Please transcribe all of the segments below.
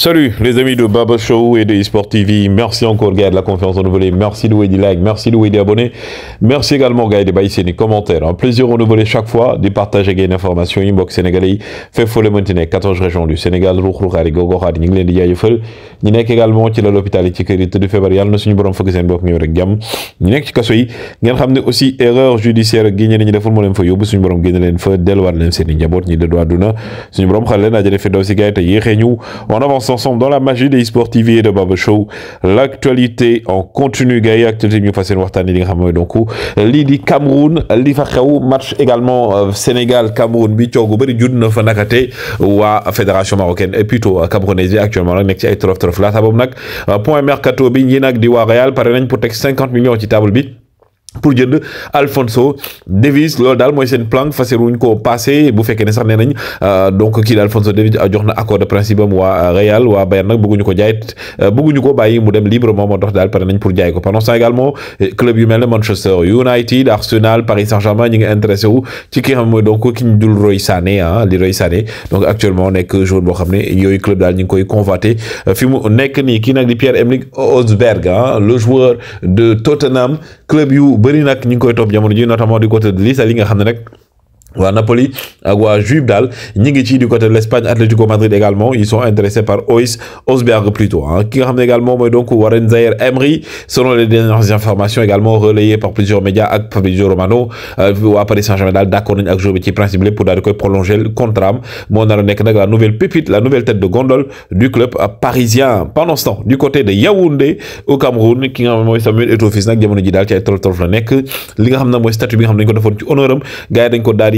Salut les amis de Baba Show et de eSport TV. Merci encore gars de la confiance renouvelée. Merci de vous des likes, merci de vous des abonnés. Merci également gars de baisser les commentaires. Un hein. plaisir renouvelé chaque fois de partager des informations inbox sénégalais. Fait folle maintenant 14 régions du Sénégal. Roukhoukhari Gogokhari ñu ngi leen di jaajëfal ñu nekk également ci la l'hôpital yi ci kër yi tëdd feebar yàlla na suñu borom fëgg seen bopp ñëw rek jàmm. ñu nekk ci kaso yi ngeen xam ne aussi erreur judiciaire gi ñeneen ñi deful moo leen fa yóbbu suñu borom génne leen fa delluwaat leen seen i njaboot ñi dëddu àdduna suñu borom xale leen ajale fi daw si gars yi te yéexee ñu on avance ensemble dans la magie des eSports TV de Baba L'actualité en continu, Gaïa, actualité mieux facile, Wartan, Elingham, Donko. Lili Cameroun, Lili match également euh, Sénégal, Cameroun, Bichogo, Beri, Judno, Fanakate, ou à Fédération Marocaine, et plutôt euh, Camerounaise, actuellement, Nexia et Trof Trof, là, point mercato, Bin, Diwa Real, par pour 50 millions, table Bit pour jënd Alfonso Davies lors d'Al mooy seen plan faseru wuñ koo passé bu fekkee sax nee euh, donc kii di Alfonso Davies a euh, na accord de principe am waa euh, Real waa Bayern nag bëgguñu ko jaay bëgguñu ko bàyyi mu dem librement moo tax Par pare nañ pour jaay ko pendant ça également club yu mel Manchester United Arsenal Paris Saint-Germain ñi ngi intéressé wu ci ki xam donc ki ñu dul Roy Sané hein ah, li Roy Sané donc actuellement on que joueur boo xam il y club eu club ngi koy convoité fi mu nekk ni qui n'a di Pierre-Emerick Højbjerg hein ah, le joueur de Tottenham club yu bëri nag ñu ngi koy topp jamono ji notamment du côté de Nice li nga xam ne rek à Napoli ou à Juve dal du côté de l'Espagne Atlético Madrid également ils sont intéressés par OIS Osberg plutôt qui hein. ramène également donc Warren Zaire emery selon les dernières informations également relayées par plusieurs médias avec Fabrizio Romano à euh, Paris Saint-Germain d'accord avec ak qui pour prolonger le contrat Mon on la nouvelle pépite la nouvelle tête de gondole du club parisien pendant ce temps du côté de Yaoundé au Cameroun qui ramène Samuel Eto'o Fils est jamono ji est ci ay tolof tolof la nekk li nga xam ne statut bi nga ko ci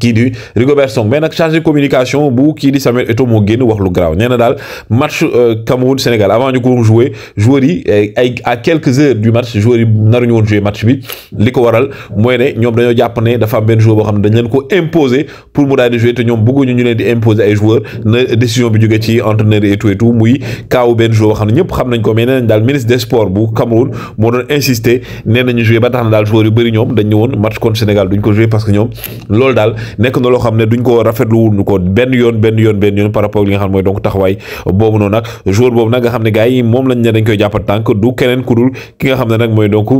qui dit Rigobert Song mais nak chargé de communication bu qui dit Samuel Eto'o moo génn wax lu graw néna dal match euh, Cameroun Sénégal avant ñu ko jouer, joueur yi euh, à quelques heures du match joueur yi ñu won jouer match bi liko waral moy né ñom dañu japp né dafa am benn joueur boo xam dañ leen ko imposer pour mu daal di joué te ñoom bëgguñu ñu leen di imposer ay joueurs na décision bi jógee ci entraîneur et tout et tout muy kaaw ben joueur bo xamné ne ñëpp xam nañ ko mais néna dal ministre des sports bu Cameroun mo doon insister nee nañu jouer ba tax na dal joueur yu bari ñom dañ ne woon match contre Sénégal duñ ko jouer parce que ñom lool d'al. nekk na loo xam ne duñ ko rafetlu wuñu ko benn yoon benn yoon benn yoon par rapport ak li nga xam ne mooy donc taxawaay boobu noonu nag joueur boobu nag nga xam ne gars yi moom lañ ne dañ koy jàppat tànk du keneen ku dul ki nga xam ne nag mooy donc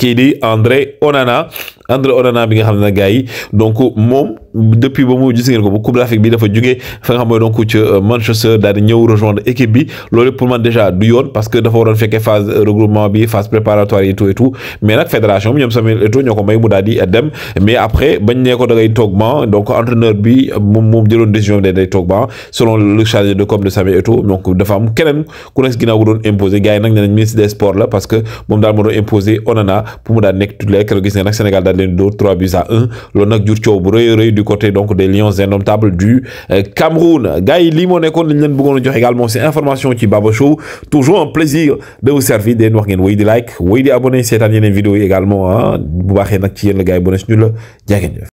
kii di André Onana André Onana bi nga xam ne yi donc mom depuis ba mu gis ngeen ko bu Coupe d'Afrique bi dafa jugee fa nga xam donc ci euh, Manchester daal di rejoindre équipe bi lolé pour man déjà du yoon parce que dafa waron féké phase regroupement bi phase préparatoire et tout et tout mais nak fédération ñom ñoom Samuel Eto'o ñoo may mu daal di dem mais après bañ nee ko da ngay toog donc entraîneur bi mom moom jëloon décision bi day toog selon le chargé de com de Samuel tout donc dafa am kenen ku nekk ginnaaw ko doon imposer gaay nak nag ministre des sports la parce que mom daal mo do imposer Onana pour mu daal nek tout le keroog gis nga nag Sénégal daal leen 3 buts à 1 L'onak nag bu du côté donc des lions indomptables du euh, Cameroun gars yi lii moo jox également ces informations ci Baba Show toujours un plaisir de vous servir des wax ngeen di like wéy di abonné cette année vidéo également ah bu baaxee le ci yéen la gars yi bu